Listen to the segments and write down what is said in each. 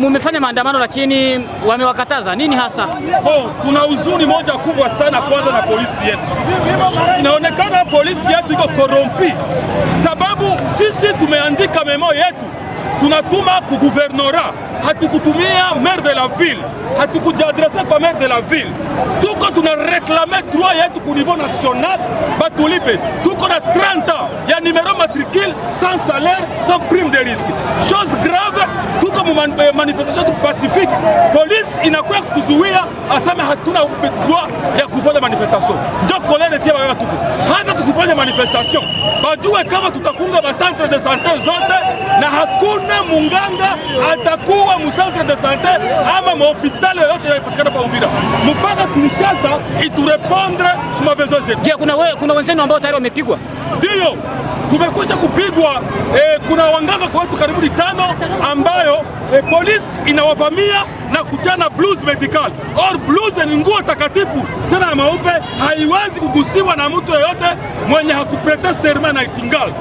mumefanya maandamano lakini wamewakataza nini hasa? Oh, tuna huzuni moja kubwa sana kwanza na polisi yetu. Inaonekana polisi yetu iko korompi, sababu sisi tumeandika memo yetu tunatuma kuguvernorat, hatukutumia maire de la ville, hatukujiadrese kwa maire de la ville. Tout Tuko tunareklame droit yetu ku niveau national, batulipe. Tuko na 30 ans ya numéro matricule sans salaire, sans prime de risque, chose grave. tout Tuko mu euh, manifestation tu pacifique, police inakuya kutuzuia tout hatuna droit de la manifestation. Kolere sie baya tuko hata tusifanye manifestation, bajue kama tutafunga ba centre de santé zote, na hakuna munganga atakuwa mu centre de santé ama mahopitali yoyote yaipatikana pa Uvira mpaka Kinshasa iturepondre kuma besoin zetu. Je, kuna wenzenu ambao tayari wamepigwa ndiyo tumekwisha kupigwa. E, kuna wanganga watu karibu tano ambayo e, polisi inawavamia na kuchana blues medical or blues ni nguo takatifu tena ya maupe, haiwezi kugusiwa na mtu yeyote mwenye hakuprete serma na itingal.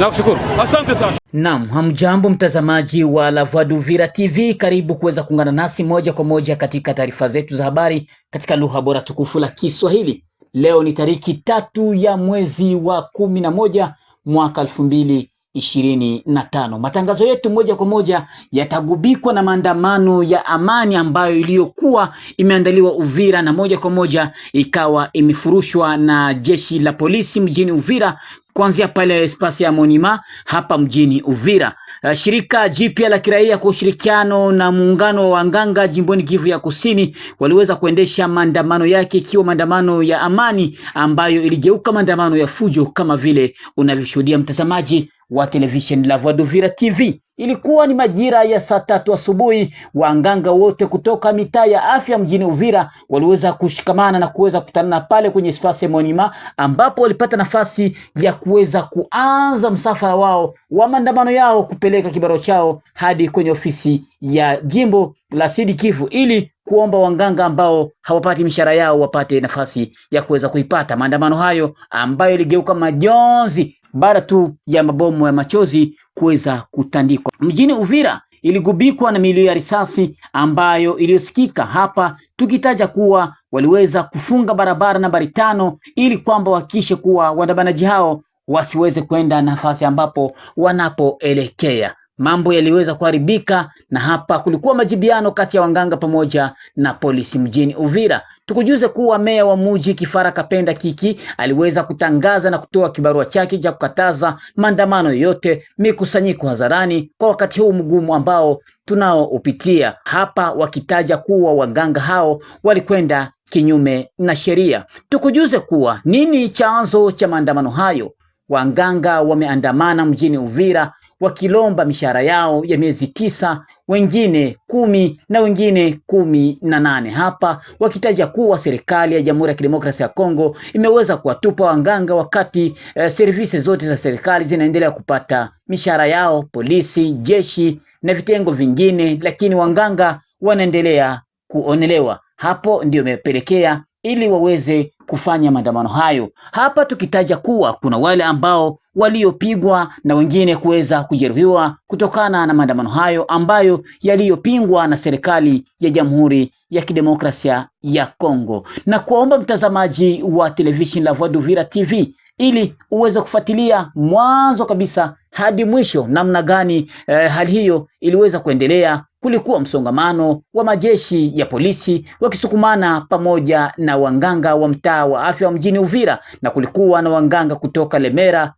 Nakushukuru, asante sana. Naam, hamjambo mtazamaji wa La Voix d'Uvira TV, karibu kuweza kuungana nasi moja kwa moja katika taarifa zetu za habari katika lugha bora tukufu la Kiswahili. Leo ni tariki tatu ya mwezi wa kumi na moja mwaka elfu mbili ishirini na tano. Matangazo yetu moja kwa moja yatagubikwa na maandamano ya amani ambayo iliyokuwa imeandaliwa Uvira na moja kwa moja ikawa imefurushwa na jeshi la polisi mjini Uvira kuanzia pale espasi ya Monima hapa mjini Uvira. Uh, shirika jipya la kiraia kwa ushirikiano na muungano wa nganga jimboni Kivu ya Kusini waliweza kuendesha maandamano yake, ikiwa maandamano ya amani ambayo iligeuka maandamano ya fujo kama vile unavyoshuhudia mtazamaji wa televisheni La Voix d'Uvira TV. Ilikuwa ni majira ya saa tatu asubuhi, wa waganga wote kutoka mitaa ya afya mjini Uvira waliweza kushikamana na kuweza kutanana pale kwenye Space Monima, ambapo walipata nafasi ya kuweza kuanza msafara wao wa maandamano yao kupeleka kibaro chao hadi kwenye ofisi ya jimbo la Sud Kivu ili kuomba wanganga ambao hawapati mishahara yao wapate nafasi ya kuweza kuipata. Maandamano hayo ambayo iligeuka majonzi baada tu ya mabomu ya machozi kuweza kutandikwa. Mjini Uvira iligubikwa na milio ya risasi ambayo iliyosikika hapa, tukitaja kuwa waliweza kufunga barabara nambari tano ili kwamba wahakikishe kuwa waandamanaji hao wasiweze kwenda nafasi ambapo wanapoelekea mambo yaliweza kuharibika, na hapa kulikuwa majibiano kati ya wanganga pamoja na polisi mjini Uvira. Tukujuze kuwa meya wa muji Kifara Kapenda Kiki aliweza kutangaza na kutoa kibarua chake cha kukataza maandamano yoyote, mikusanyiko hadharani kwa wakati huu mgumu ambao tunaoupitia hapa, wakitaja kuwa waganga hao walikwenda kinyume na sheria. Tukujuze kuwa nini chanzo cha maandamano hayo. Waganga wameandamana mjini Uvira wakilomba mishahara yao ya miezi tisa, wengine kumi na wengine kumi na nane hapa, wakitaja kuwa serikali ya Jamhuri ya Kidemokrasia ya Kongo imeweza kuwatupa waganga wakati eh, servisi zote za serikali zinaendelea kupata mishahara yao, polisi, jeshi na vitengo vingine, lakini waganga wanaendelea kuonelewa. Hapo ndio imepelekea ili waweze kufanya maandamano hayo. Hapa tukitaja kuwa kuna wale ambao waliopigwa na wengine kuweza kujeruhiwa kutokana na maandamano hayo ambayo yaliyopingwa na serikali ya Jamhuri ya Kidemokrasia ya Kongo, na kuomba mtazamaji wa television La Voix d'Uvira TV ili uweze kufuatilia mwanzo kabisa hadi mwisho namna gani eh, hali hiyo iliweza kuendelea kulikuwa msongamano wa majeshi ya polisi wakisukumana pamoja na wanganga wa mtaa wa afya wa mjini Uvira, na kulikuwa na wanganga kutoka Lemera,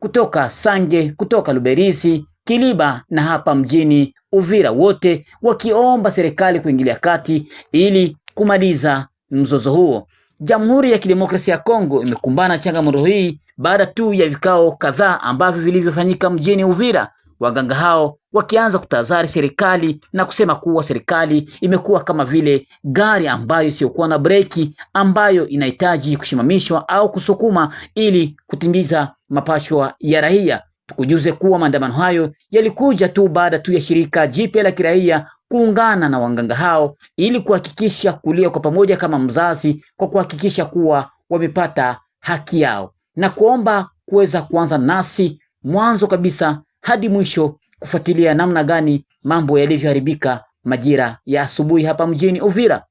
kutoka Sange, kutoka Luberizi, Kiliba na hapa mjini Uvira, wote wakiomba serikali kuingilia kati ili kumaliza mzozo huo. Jamhuri ya Kidemokrasia ya Kongo imekumbana changamoto hii baada tu ya vikao kadhaa ambavyo vilivyofanyika mjini Uvira. Waganga hao wakianza kutazari serikali na kusema kuwa serikali imekuwa kama vile gari ambayo isiyokuwa na breki ambayo inahitaji kushimamishwa au kusukuma ili kutimiza mapashwa ya raia. Tukujuze kuwa maandamano hayo yalikuja tu baada tu ya shirika jipya la kiraia kuungana na wanganga hao ili kuhakikisha kulia kwa pamoja kama mzazi kwa kuhakikisha kuwa wamepata haki yao na kuomba kuweza kuanza nasi mwanzo kabisa hadi mwisho kufuatilia namna gani mambo yalivyoharibika majira ya asubuhi hapa mjini Uvira.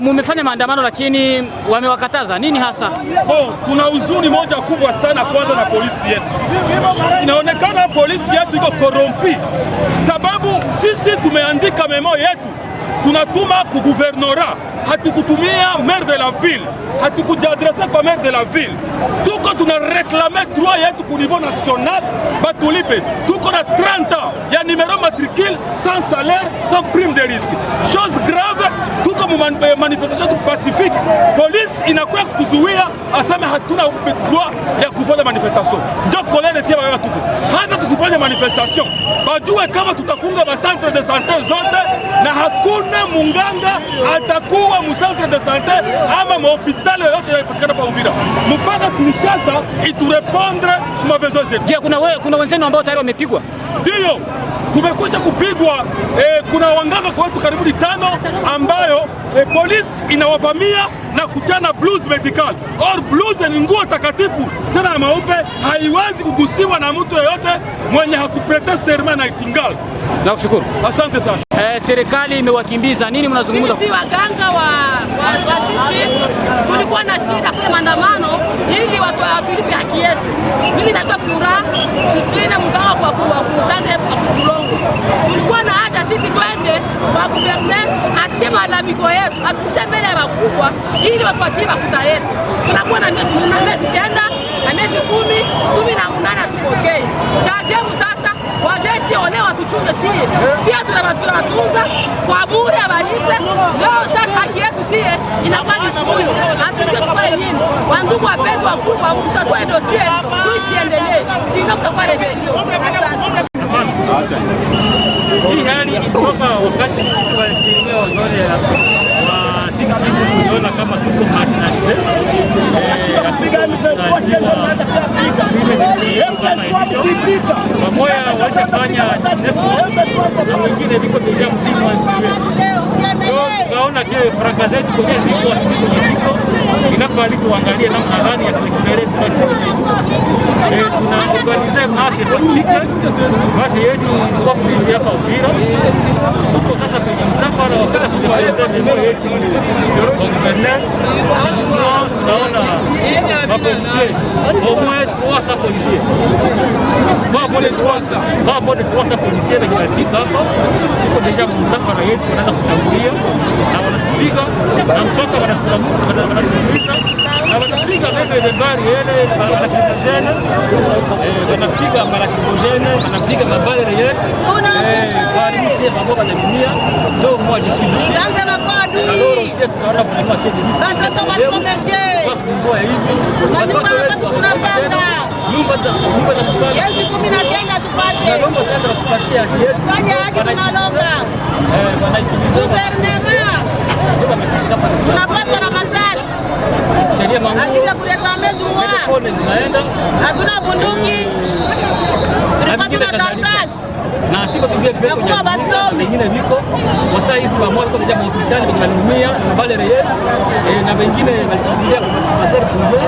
mumefanya maandamano lakini wamewakataza nini hasa? Bon, tuna huzuni moja kubwa sana kwanza na polisi yetu. Inaonekana polisi yetu iko korompi, sababu sisi tumeandika memo yetu tout tunatuma kuguvernora, hatukutumia maire de la ville, hatukujiadrese kwa maire de la ville. Tout Tuko le droit yetu ku niveau national, batulipe. Tuko a 30 ans il y ya numéro matricule sans salaire, sans prime de risque, chose grave. Tuko mumanifestation eh, manifestation pacifique, police, inakuya kutuzuia aseme hatuna droit ya kufanya manifestation. manifestation, bajue kama tutafunga masantre de santé zote, na hakuna munganga atakuwa mu centre de santé ama mahopitali yoyote yanayopatikana pa Uvira mpaka Kinshasa iturepondre kumabezwa zetu. Je, kuna, we, wenzenu ambao tayari wamepigwa? Ndiyo kumekwisha kupigwa e, kuna wanganga karibu ni tano ambayo e, polisi inawavamia na kuchana blues medical or blues ni nguo takatifu tena ya maupe, haiwezi kugusiwa na mtu yeyote mwenye hakuprete serma na itingal. Nakushukuru, asante sana eh, serikali imewakimbiza nini, mnazungumza? Sisi waganga wa, wa, wa sisi tulikuwa na shida kwa maandamano ili watu watulipe haki yetu. Mimi naitwa Furaha Justina Mgawa kwa kuzande kwa kulongo. Tulikuwa na haja sisi twende kwa kuvemne asikie malalamiko yetu, atufikishe mbele ya wakubwa ili watupatie makuta yetu. Tunakuwa na miezi Ndugu wapenzi wakubwa, mtatoe dosie tu isiendelee, sivyo kutakuwa revelio. Hii hali ilitoka wakati sisi wakirimia wazole wa sisi tuliona kama tuko marginalize pamoja washafanya na wengine viko tuja mtima tukaona kile fraka zetu kwenye tuangalie namna gani ya kuitekeleza. Eh, tuna organize marshe marshe yetu kwa kuingia hapa Uvira, huko sasa kwenye msafara wa kwenda kutekeleza memo yetu oguverneur, tunaona mapolisie omwe tuwasa polisie kaa pole tuasa kaa pole tuasa, polisi yetu inafika hapa, tuko deja msafara yetu wanaanza kushambulia na wanatupiga na mpaka wanatuumiza na wanapiga mbele ile gari ile wanashirikishana wanapiga marakibojene, wanapiga mabale reye parisi mambo banaminia do moi je suis vigilante na padu alors aussi tunaona vraiment kile ni sasa tubasomeje kwa hivi watoto wetu tunapanga nyumba za nyumba za kupanga yezi 19 tupate na mambo sasa tupatie haki yetu fanya haki tunalomba eh wanaitimiza gouvernement tunapata na masasi sheria mambo ajili ya kuleta iPhone zinaenda, hatuna bunduki, tulikuwa tuna karatasi na siko tubieekuwa basomi wengine viko wasaa hizi wamoja kwa jamaa hospitali wenye waliumia bale reye eh, na wengine walikimbilia kwa dispensaire eh, privé.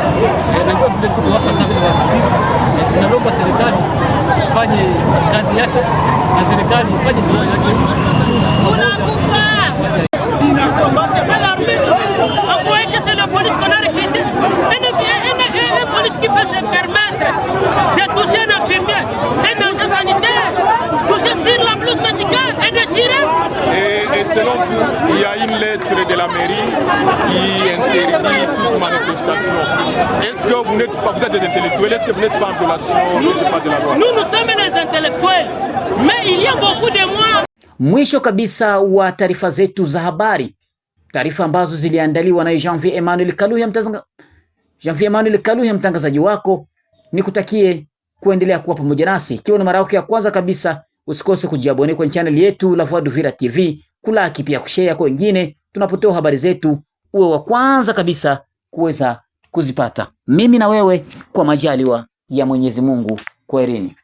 Na ndio vile tuko hapa sasa, vile wafiziki, eh, tunalomba serikali ifanye kazi yake na serikali ifanye ndio yake. Tunakufa sina kwa mbaya bala armée akuweke c'est le police qu'on a recruté qui interdit toute manifestation. Est-ce que vous n'êtes pas, vous êtes des intellectuels, est-ce que vous n'êtes pas en relation nous, pas de la loi? Nous, nous sommes des intellectuels, mais il y a beaucoup de moi. Mwisho kabisa wa taarifa zetu za habari, taarifa ambazo ziliandaliwa na Jean-Vie Emmanuel Kaluya, mtazanga... Jean-Vie Emmanuel Kaluya, mtangazaji wako, nikutakie kuendelea kuwa pamoja nasi. Ikiwa ni mara yako ya kwanza kabisa, usikose kujiabone kwenye channel yetu La Voix d'Uvira TV, kulaki pia kushare kwa wengine tunapotoa habari zetu uwe wa kwanza kabisa kuweza kuzipata. Mimi na wewe kwa majaliwa ya Mwenyezi Mungu, kwaherini.